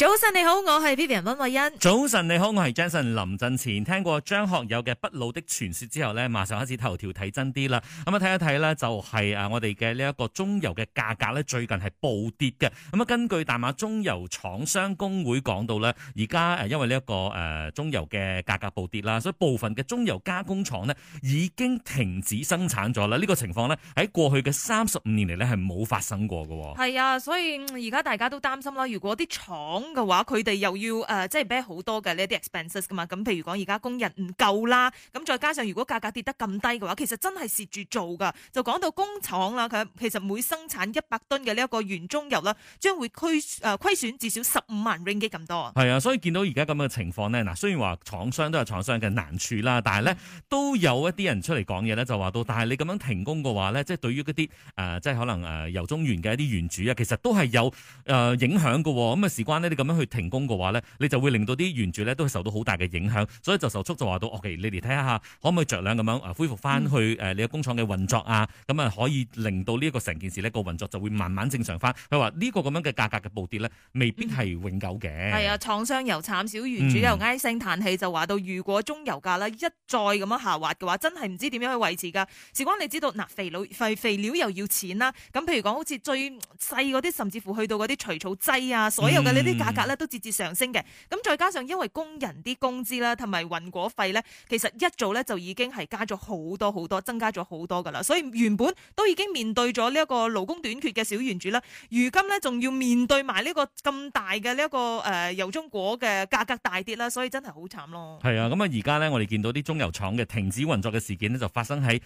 早晨你好，我係 Vivian 溫慧欣。早晨你好，我係 Jason 林振前。聽過張學友嘅《不老的傳說》之後呢，馬上開始頭條睇真啲啦。咁啊睇一睇呢，就係啊我哋嘅呢一個中油嘅價格呢，最近係暴跌嘅。咁啊，根據大馬中油廠商工會講到呢，而家誒因為呢、這、一個誒、呃、中油嘅價格暴跌啦，所以部分嘅中油加工廠呢已經停止生產咗啦。呢、這個情況呢，喺過去嘅三十五年嚟呢，係冇發生過喎。係啊，所以而家大家都擔心啦，如果啲廠嘅話，佢哋又要誒、呃，即係俾好多嘅呢啲 expenses 噶嘛。咁譬如講，而家工人唔夠啦，咁再加上如果價格跌得咁低嘅話，其實真係蝕住做噶。就講到工廠啦，佢其實每生產一百噸嘅呢一個原棕油啦，將會虧誒、呃、虧損至少十五萬 ringgit 咁多啊。係啊，所以見到而家咁嘅情況呢。嗱，雖然話廠商都有廠商嘅難處啦，但係呢都有一啲人出嚟講嘢咧，就話到，但係你咁樣停工嘅話呢、就是呃，即係對於嗰啲誒，即係可能誒油棕園嘅一啲園主啊，其實都係有誒、呃、影響嘅。咁啊，事關呢，啲咁樣去停工嘅話咧，你就會令到啲原住咧都受到好大嘅影響，所以就受促就話到：「OK，你哋睇下可唔可以着量咁樣啊，恢復翻去誒你嘅工廠嘅運作啊，咁、嗯、啊可以令到呢一個成件事呢個運作就會慢慢正常翻。佢話呢個咁樣嘅價格嘅暴跌咧，未必係永久嘅。係、嗯、啊，廠商又慘，小原主又唉聲嘆氣，就話到如果中油價啦一再咁樣下滑嘅話，真係唔知點樣去維持噶。事關你知道嗱，肥料肥肥料又要錢啦，咁譬如講好似最細嗰啲，甚至乎去到嗰啲除草劑啊，所有嘅呢啲。嗯、價格咧都節節上升嘅，咁再加上因為工人啲工資啦同埋運果費咧，其實一早咧就已經係加咗好多好多，增加咗好多噶啦，所以原本都已經面對咗呢一個勞工短缺嘅小園主啦，如今咧仲要面對埋呢個咁大嘅呢一個油棕果嘅價格大跌啦，所以真係好慘咯。係啊，咁啊而家咧我哋見到啲棕油廠嘅停止運作嘅事件呢，就發生喺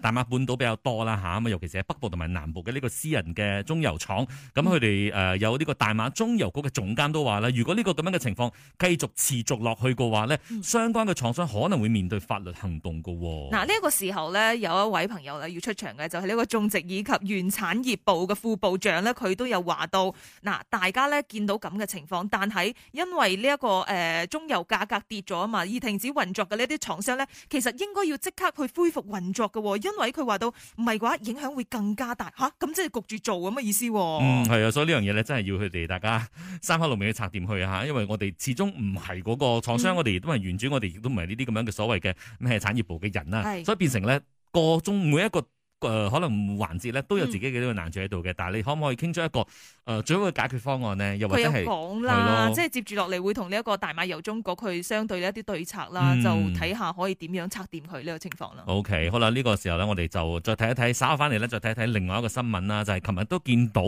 大馬半島比較多啦，咁尤其是喺北部同埋南部嘅呢個私人嘅棕油廠，咁佢哋有呢個大馬棕油局嘅總間都話啦，如果呢個咁樣嘅情況繼續持續落去嘅話呢，相關嘅廠商可能會面對法律行動㗎喎、哦。嗱、嗯，呢、這、一個時候呢，有一位朋友咧要出場嘅，就係呢一個種植以及原產業部嘅副部長呢，佢都有話到，嗱，大家呢，見到咁嘅情況，但係因為呢、這、一個誒、呃、中油價格跌咗啊嘛，而停止運作嘅呢啲廠商呢，其實應該要即刻去恢復運作㗎、哦，因為佢話到唔係嘅話，影響會更加大吓，咁即係焗住做咁嘅意思、哦。嗯，係啊，所以呢樣嘢呢，真係要佢哋大家三路面嘅拆店去吓，因為我哋始終唔係嗰個廠商我，嗯、我哋亦都唔係原主，我哋亦都唔係呢啲咁樣嘅所謂嘅咩產業部嘅人啦，所以變成咧個中每一個。誒、呃，可能環節咧都有自己嘅呢個難處喺度嘅，但係你可唔可以傾出一個誒、呃、最好嘅解決方案呢？又或者係講啦，即係接住落嚟會同呢一個大馬油中國去相對一啲對策啦、嗯，就睇下可以點樣拆掂佢呢個情況啦。OK，好啦，呢、呢個時候呢，我哋就再睇一睇，稍後翻嚟呢，再睇一睇另外一個新聞啦。就係琴日都見到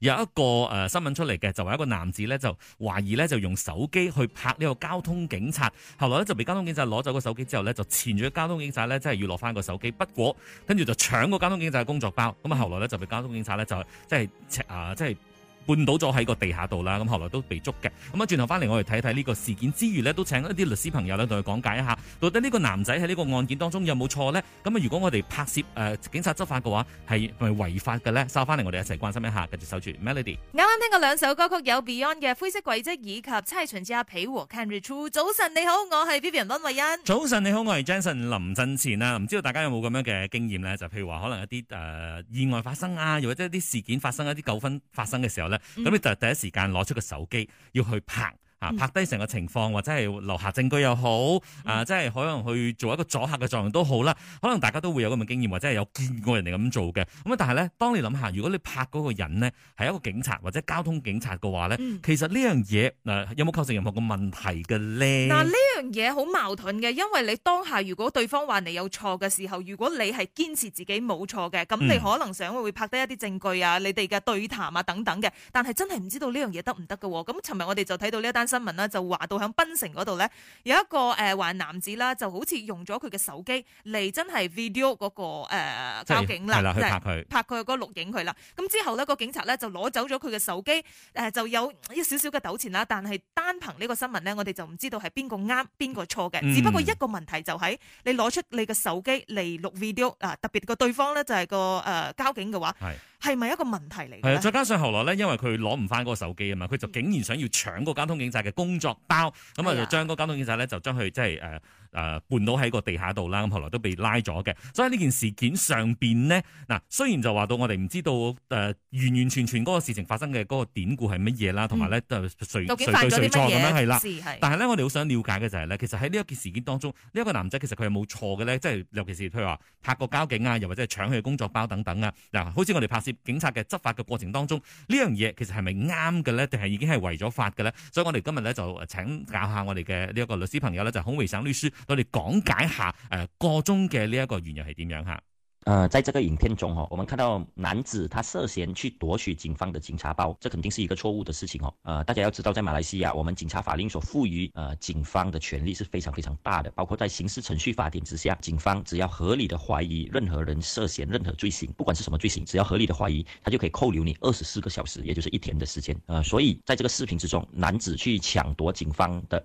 有一個、呃、新聞出嚟嘅，就係、是、一個男子呢，就懷疑呢，就用手機去拍呢個交通警察，後來呢，就俾交通警察攞走個手機之後呢，就纏住交通警察呢，真係要攞翻個手機，不過跟住就搶。交通警察嘅工作包，咁啊，後來咧就被交通警察咧就即係赤啊，即係。半倒咗喺個地下度啦，咁後來都被捉嘅。咁啊，轉頭翻嚟我哋睇一睇呢個事件之餘呢都請一啲律師朋友咧同佢講解一下，「到底呢個男仔喺呢個案件當中有冇錯呢？」咁啊，如果我哋拍攝誒、呃、警察執法嘅話，係咪違法嘅呢？收翻嚟我哋一齊關心一下，跟住守住 Melody。啱啱聽過兩首歌曲，有 Beyond 嘅《灰色軌跡》以及《猜唇之皮》和 Can Return。早晨你好，我係 Vivian 温慧欣。早晨你好，我係 Jason 林振前啊！唔知道大家有冇咁樣嘅經驗呢？就譬如話，可能一啲誒、呃、意外發生啊，又或者一啲事件發生一啲糾紛發生嘅時候呢。咁你就係第一時間攞出個手機要去拍。啊、拍低成個情況或者係留下證據又好、嗯，啊，即係可能去做一個阻吓嘅作用都好啦。可能大家都會有咁嘅經驗，或者係有見過人哋咁做嘅。咁但係呢，當你諗下，如果你拍嗰個人呢，係一個警察或者交通警察嘅話呢、嗯，其實呢樣嘢有冇構成任何嘅問題嘅呢？嗱，呢樣嘢好矛盾嘅，因為你當下如果對方話你有錯嘅時候，如果你係堅持自己冇錯嘅，咁你可能想會拍低一啲證據啊、你哋嘅對談啊等等嘅，但係真係唔知道呢樣嘢得唔得嘅。咁尋日我哋就睇到呢一單。新聞啦，就話到響檳城嗰度咧，有一個誒，壞男子啦、那個呃，就好似用咗佢嘅手機嚟真係 video 嗰個誒交警啦，即係拍佢拍佢嗰錄影佢啦。咁之後咧，個警察咧就攞走咗佢嘅手機，誒就有一少少嘅糾纏啦。但係單憑呢個新聞咧，我哋就唔知道係邊個啱邊個錯嘅。只不過一個問題就係你攞出你嘅手機嚟錄 video 啊，特別個對方咧就係、那個誒、呃、交警嘅話。係咪一個問題嚟咧？係啊，再加上後來咧，因為佢攞唔返嗰個手機啊嘛，佢就竟然想要搶個交通警察嘅工作包，咁啊就將個交通警察咧就將佢即係誒、呃誒、呃、半到喺個地下度啦，咁後來都被拉咗嘅。所以呢件事件上面呢，嗱雖然就話到我哋唔知道誒、呃、完完全全嗰個事情發生嘅嗰個典故係乜嘢啦，同埋咧都係誰對誰錯咁樣係啦。但係咧，我哋好想了解嘅就係咧，其實喺呢一件事件當中，呢、這、一個男仔其實佢係冇錯嘅咧？即、就、係、是、尤其是譬如話拍個交警啊，又或者係搶佢嘅工作包等等啊。嗱，好似我哋拍攝警察嘅執法嘅過程當中，呢樣嘢其實係咪啱嘅咧？定係已經係違咗法嘅咧？所以我哋今日咧就請教下我哋嘅呢一個律師朋友咧，就是、孔維省律師。我哋講解下誒、呃、個中嘅呢一個原因係點樣吓、呃？在這個影片中我們看到男子他涉嫌去奪取警方的警察包，這肯定是一個錯誤的事情哦、呃。大家要知道，在馬來西亞，我們警察法令所賦予誒、呃、警方嘅權力是非常非常大嘅，包括在刑事程序法典之下，警方只要合理的懷疑任何人涉嫌任何罪行，不管是什麼罪行，只要合理的懷疑，他就可以扣留你二十四個小時，也就是一天的時間、呃。所以在這個視頻之中，男子去搶奪警方的。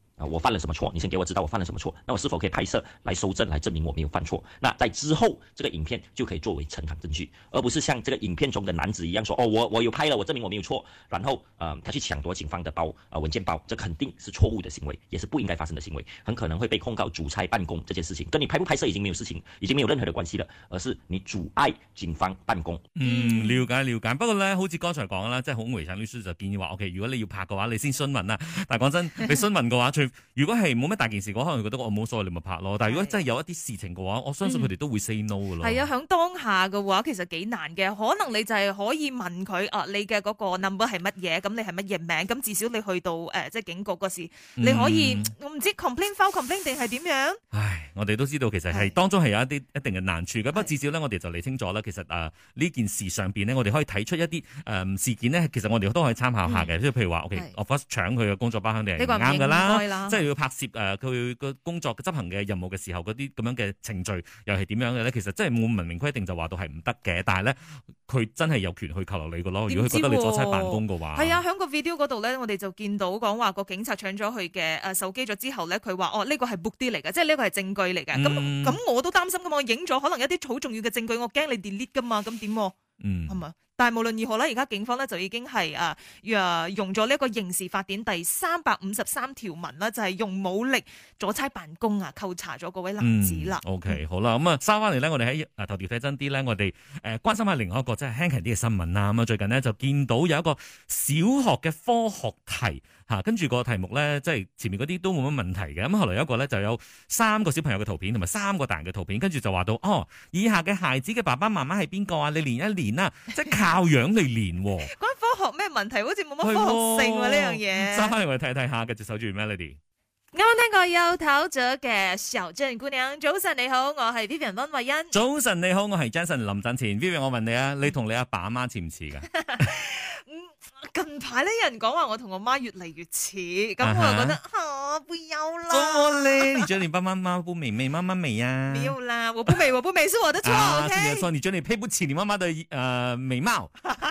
啊，我犯了什麼錯？你先給我知道我犯了什麼錯，那我是否可以拍攝來收證來證明我沒有犯錯？那在之後這個影片就可以作為呈堂證據，而不是像這個影片中的男子一樣說：“哦，我我有拍了，我證明我沒有錯。”然後，呃，他去搶奪警方的包啊、呃、文件包，這肯定是錯誤的行為，也是不應該發生的行為，很可能會被控告阻差辦公，這件事情，跟你拍不拍攝已經沒有事情，已經沒有任何的關係了，而是你阻礙警方辦公。嗯，了解了解。不過呢，好似剛才講啦，即係洪偉強律師就建議話：OK，如果你要拍嘅話，你先詢問啊。’但講真，你詢問嘅話 如果係冇乜大件事，我可能覺得我冇所謂，你咪拍咯。但係如果真係有一啲事情嘅話，我相信佢哋都會 say no 噶喇。係、嗯、啊，響當下嘅話，其實幾難嘅。可能你就係可以問佢啊，你嘅嗰個 number 係乜嘢？咁你係乜嘢名？咁至少你去到誒，即、呃、係警局嗰時，你可以、嗯、我唔知 complain foul complain 定係點樣。我哋都知道，其實係當中係有一啲一定嘅難處嘅。不過至少咧，我哋就理清楚啦。其實誒呢件事上邊呢，我哋可以睇出一啲誒事件呢，其實我哋都可以參考下嘅。即、嗯、係譬如話 o 我可搶佢嘅工作包肯定係啱㗎啦。即係要拍攝誒佢個工作嘅執行嘅任務嘅時候，嗰啲咁樣嘅程序又係點樣嘅咧？其實真係冇明文規定就話到係唔得嘅。但係咧，佢真係有權去扣留你嘅咯、啊。如果佢覺得你阻差辦公嘅話，係啊，喺個 video 嗰度咧，我哋就見到講話個警察搶咗佢嘅誒手機咗之後咧，佢話哦呢個係 book 啲嚟嘅，即係呢個係證據。佢嚟嘅，咁咁我都擔心噶嘛，我影咗可能一啲好重要嘅證據，我驚你 delete 噶嘛，咁點？嗯，係嘛？但係無論如何咧，而家警方咧就已經係誒誒用咗呢一個刑事法典第三百五十三條文啦，就係、是、用武力阻差辦公啊，扣查咗嗰位男子啦。嗯、o、okay, K，好啦，咁、嗯嗯、啊，收翻嚟呢，我哋喺啊頭條睇真啲呢。我哋誒關心下另外一個即係輕輕啲嘅新聞啦。咁啊，最近呢就見到有一個小學嘅科學題嚇，跟、啊、住個題目呢，即係前面嗰啲都冇乜問題嘅。咁、啊、後來有一個呢，就有三個小朋友嘅圖片同埋三個大人嘅圖片，跟住就話到哦、啊，以下嘅孩子嘅爸爸媽媽係邊個啊？你連一連啊。即 教樣嚟練喎，關科學咩問題？好似冇乜科學性喎呢樣嘢。翻嚟我睇睇下嘅守住 Melody。啱啱聽過有頭咗嘅小鎮姑娘，早晨你好，我係 Vivian 温慧欣。早晨你好，我係 Jason 林振前。Vivian 我問你啊，你同你阿爸阿媽似唔似㗎？ .近排呢有人講話我同我媽越嚟越似，咁我又覺得吓、uh-huh. 哦，不有啦。做乜咧？ 你覺得你爸爸媽媽不美美，媽媽美，啊，媽媽美呀？沒有啦，我不美，我不美是我的錯。 okay? 啊，所以說你覺得你配不起你媽媽的誒、呃、美貌。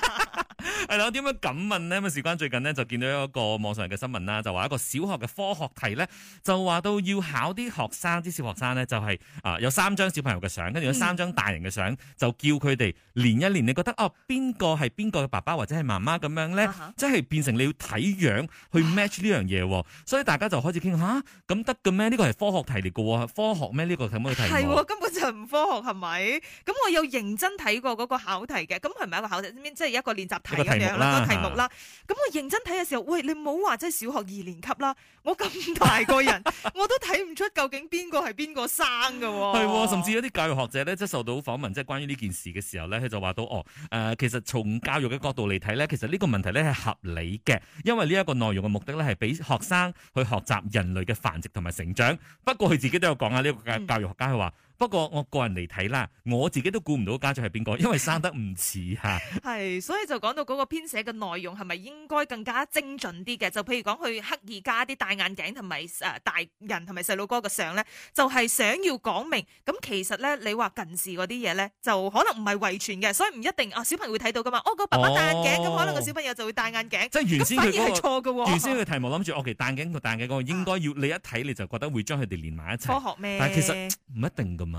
係啦，點解咁問呢？咁事關最近呢，就見到一個網上嘅新聞啦，就話一個小學嘅科學題呢，就話到要考啲學生，啲小學生呢、就是，就係啊有三張小朋友嘅相，跟住有三張大人嘅相，就叫佢哋連一連。你覺得哦，邊個係邊個嘅爸爸或者係媽媽咁樣呢？Uh-huh. 即係變成你要睇樣去 match 呢樣嘢。Uh-huh. 所以大家就開始傾吓，咁得嘅咩？呢個係科學題嚟喎。科學咩？呢個咩樣嘅題係、哦，根本就唔科學係咪？咁我有認真睇過嗰個考題嘅，咁係唔係一個考題？即係一個練習題題目啦，咁我認真睇嘅時候，喂，你唔好話真係小學二年級啦，我咁大個人， 我都睇唔出究竟邊個係邊個生噶、哦，係、 哦，甚至有啲教育學者咧，即係受到訪問，即係關於呢件事嘅時候咧，佢就話到，哦，誒、呃，其實從教育嘅角度嚟睇咧，其實呢個問題咧係合理嘅，因為呢一個內容嘅目的咧係俾學生去學習人類嘅繁殖同埋成長，不過佢自己都有講呀，呢、呢個教育學家佢話。嗯不過我個人嚟睇啦，我自己都估唔到家長係邊個，因為生得唔似嚇。係， 所以就講到嗰個編寫嘅內容係咪應該更加精準啲嘅？就譬如講去刻意加啲戴眼鏡同埋誒大人同埋細路哥嘅相咧，就係、係、想要講明咁其實咧，你話近視嗰啲嘢咧，就可能唔係遺傳嘅，所以唔一定啊。小朋友會睇到㗎嘛？我、哦嗰個爸爸戴眼鏡，咁、哦、可能個小朋友就會戴眼鏡，即係原先嗰、嗰個反而係錯、哦、原先嘅題目諗住我其、okay，戴眼鏡同戴眼鏡嗰個應該要、啊、你一睇你就覺得會將佢哋連埋一齊。科學咩？但其實唔一定咁。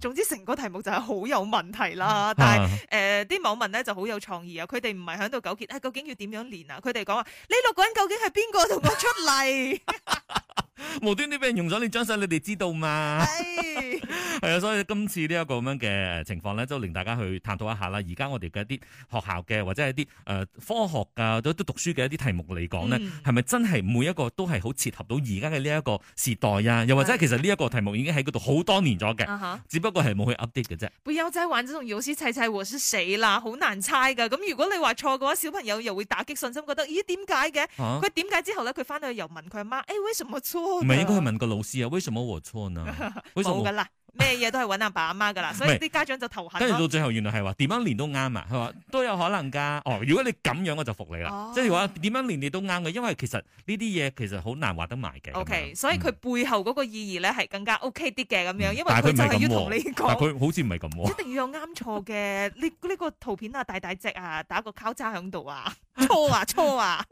總之成個題目就係好有問題啦，但係誒啲網民咧就好有創意啊，佢哋唔係喺度糾結啊，究竟要點樣連啊，佢哋講話：呢六個人究竟係邊個同我出嚟？ 無端端俾人用咗你張相，你哋知道嘛？係係啊，所以今次呢一個咁樣嘅情況咧，就令大家去探討一下啦。而家我哋嘅一啲學校嘅或者係一啲誒、呃、科學啊都都讀書嘅一啲題目嚟講咧，係、嗯、咪真係每一個都係好切合到而家嘅呢一個時代啊？又或者其實呢一個題目已經喺嗰度好多年咗嘅，uh-huh。只不過係冇去 update 嘅啫。不要再玩呢種遊戲，猜猜，我是誰啦，好難猜噶。咁如果你話錯嘅話，小朋友又會打擊信心，覺得咦點解嘅？佢點解之後咧，佢翻到去又問佢阿媽：誒，為什麼錯？Uh-huh. 哦啊、每一個人問個老師啊，為什麼我錯呢？ 為什麼？咩嘢都係揾阿爸阿媽噶啦，所以啲家長就投降。跟住到最後，原來係話點樣連都啱啊！佢話都有可能㗎。哦，如果你咁樣，我就服你啦。即係話點樣連你都啱嘅，因為其實呢啲嘢其實好難話得埋嘅。O、okay, K，、嗯、所以佢背後嗰個意義咧係更加 O K 啲嘅咁樣，因為佢就係要同你講。佢、啊、好似唔係咁一定要有啱錯嘅呢？呢 個圖片啊，大大隻啊，打個交叉響度啊，錯啊錯啊！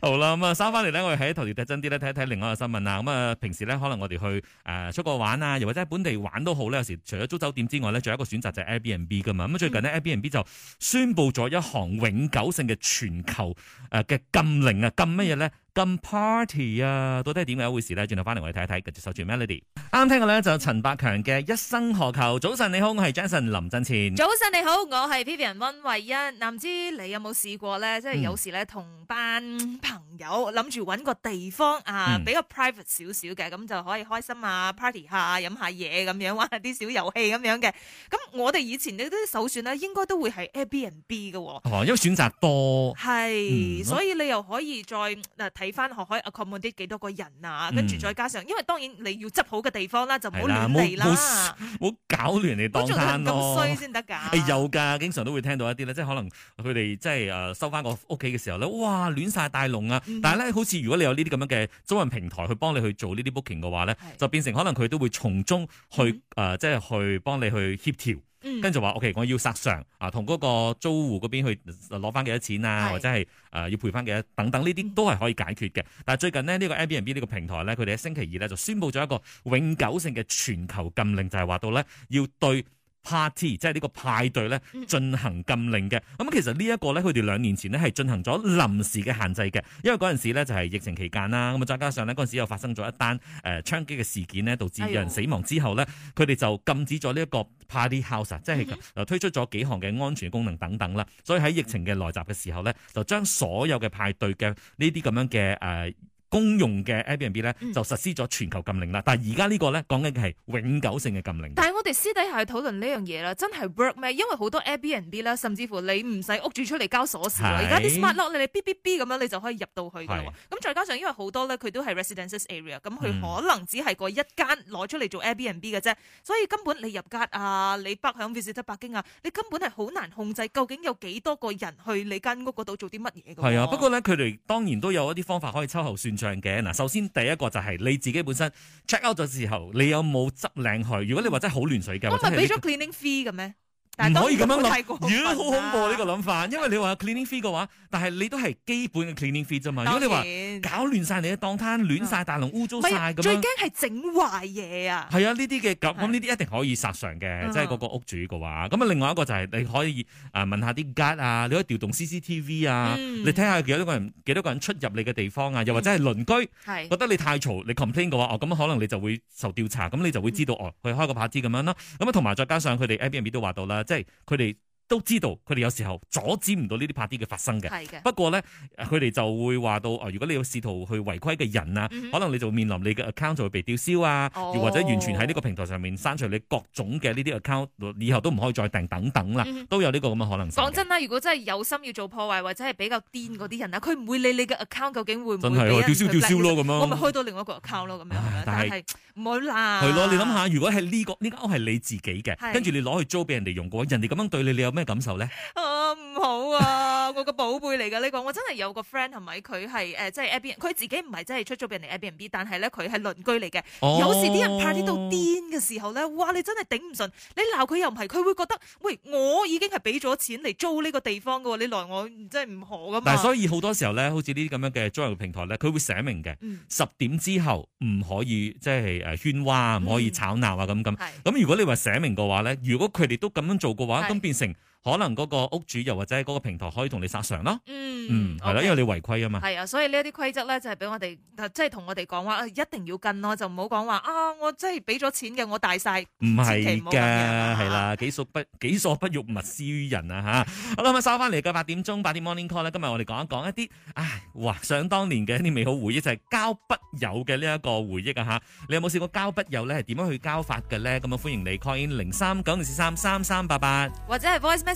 好啦，咁啊，收翻嚟咧，我哋喺頭條睇真啲咧，睇一睇另外嘅新聞啊。咁啊，平時咧可能我哋去誒、呃、出國玩啊，又或者喺本地玩。都好咧，有時除咗租酒店之外咧，仲有一個選擇就係 Airbnb 噶嘛。咁啊最近咧 Airbnb 就宣佈咗一項永久性嘅全球誒嘅禁令啊，禁乜嘢咧？咁 party 啊，到底係點樣一回事咧？轉頭翻嚟我哋睇一睇，跟住守住 melody。啱聽嘅咧就陳百強嘅《一生何求》。早晨你好，我係 Jason 林振前。早晨你好，我係 Vivian 溫慧欣。嗱唔知你有冇試過咧、嗯？即係有時咧同班朋友諗住揾個地方啊、嗯，比較 private 少少嘅，咁就可以開心啊，party 下飲下嘢咁樣，玩下啲小遊戲咁樣嘅。咁我哋以前呢啲首選咧，應該都會係 Air B and B 嘅。哦，因為選擇多，係、嗯、所以你又可以再睇。呃俾翻學可以 cover 啲幾多個人啊？嗯、跟住再加上，因為當然你要執好嘅地方啦，就唔好亂嚟啦，唔好搞亂你當山咯。咁衰先得噶？係、哎、有噶，經常都會聽到一啲咧，即係可能佢哋即係誒、呃、收翻個屋企嘅時候咧，哇亂晒大龍啊！嗯、但係咧，好似如果你有呢啲咁樣嘅中文平台去幫你去做呢啲 booking 嘅話咧，就變成可能佢都會從中去誒、嗯呃，即係去幫你去協調。嗯、跟住話，OK，我要殺上，啊，同嗰個租戶嗰邊去攞翻幾多錢啊，或者係誒、呃、要賠翻幾多等等呢啲都係可以解決嘅。但最近呢，呢、呢個 Airbnb 呢個平台咧，佢哋喺星期二咧就宣布咗一個永久性嘅全球禁令，就係話到咧要對 party 即係呢個派對咧進行禁令嘅，咁其實呢一個咧，佢哋兩年前呢係進行咗臨時嘅限制嘅，因為嗰陣時咧就係疫情期間啦，咁啊再加上咧嗰陣時又發生咗一單誒、呃、槍擊嘅事件呢導致有人死亡之後咧，佢哋就禁止咗呢一個 party house，即係推出咗幾項嘅安全功能等等啦，所以喺疫情嘅來襲嘅時候咧，就將所有嘅派對嘅呢啲咁樣嘅誒。呃公用嘅 Airbnb 咧就實施咗全球禁令啦、嗯，但係而家呢個咧講緊嘅係永久性嘅禁令。但係我哋私底下去討論呢樣嘢啦，真係 work 咩？因為好多 Airbnb 啦，甚至乎你唔使屋住出嚟交鎖匙，而家啲 smart lock 你哋 B B B 咁樣你就可以入到去，咁再加上因為好多咧佢都係 residences area，咁佢可能只係個一間攞出嚟做 Airbnb 嘅啫、嗯，所以根本你入閘啊，你北響 visit 北京啊，你根本係好難控制究竟有幾多個人去你間屋嗰度做啲乜嘢㗎。係啊，不過佢哋當然都有一啲方法可以秋後算。嘅嗱，首先第一個就係你自己本身 check out 咗時候，你有冇執靚去？如果你話真係好亂水嘅、這個，我咪俾咗 cleaning fee 嘅咩？唔可以咁樣諗，如果好恐怖呢、啊啊呢個諗法，因為你話 cleaning fee 嘅話，但係你都係基本嘅 cleaning fee 啫嘛？如果你話搞亂晒你嘅檔攤，亂晒大龍，污糟晒，最驚係整壞嘢啊！係啊，呢啲嘅咁呢啲一定可以殺上嘅，即係嗰個屋主嘅話。咁啊，另外一個就係你可以啊、呃、問下啲 guard 啊，你可以調動 CCTV 啊，嗯、你睇下幾多個人幾多個人出入你嘅地方啊，又或者係鄰居、嗯、覺得你太嘈，你 complain 嘅話，咁、哦、可能你就會受調查，咁你就會知道、嗯、哦，佢開個派對咁樣啦。咁同埋再加上佢哋 Airbnb 都話到啦。即係佢哋，都知道佢哋有時候阻止唔到呢啲 party 嘅發生嘅，不過咧佢哋就會話到啊，如果你有試圖去違規嘅人啊，嗯，可能你就會面臨你嘅 account 就會被吊銷啊，哦，或者完全喺呢個平台上面刪除你各種嘅呢啲 account，以後都唔可以再訂等等啦，嗯，都有呢個咁嘅可能性。講真啦，如果真係有心要做破壞或者係比較癲嗰啲人啊，佢唔會理你嘅 account 究竟會唔會吊銷吊銷咯咁樣，我咪開到另外一個 account 咯咁樣，但係唔會啦。係咯，你諗下，如果係呢、呢個呢間屋係你自己嘅，跟住你攞去租俾人哋用嘅話，人哋咁樣對你，你有咩感受咧？啊，唔好啊！ 我個寶貝嚟㗎呢個，你講我真係有個 friend 係咪？佢係誒，即係 Airbnb，佢自己唔係真係出租俾人哋 Airbnb，但係咧佢係鄰居嚟嘅，哦。有時啲人 party 到癲嘅時候咧，哇！你真係頂唔順，你鬧佢又唔係，佢會覺得喂，我已經係俾咗錢嚟租呢個地方嘅喎，你來我真係唔可嘅。但係所以好多時候咧，好似呢啲咁樣嘅租人嘅平台咧，佢會寫明嘅，十、嗯、點之後唔可以即係誒喧譁，唔、呃、可以吵鬧啊咁咁。咁、嗯、如果你話寫明嘅話咧，如果佢哋都咁樣做嘅話，咁變成。可能嗰個屋主又或者喺嗰個平台可以同你索償咯，嗯，嗯，係啦，因為你違規啊嘛，係啊，所以呢一啲規則咧就係俾我哋，即係同我哋講話，一定要跟咯，就唔好講話啊，我真係俾咗錢嘅，我大曬，唔係嘅，係啦，己所不己所不欲，勿施於人啊嚇，好啦，咁啊收翻嚟嘅八點鐘，八點 Morning Call 咧，今日我哋講一講一啲，唉，哇，想當年嘅一啲美好回憶就係交筆友嘅呢一個回憶啊嚇，你有冇試過交筆友咧係點樣去交法嘅咧？咁啊歡迎你 call in 零三九二四三三三八八，或者係 voice message。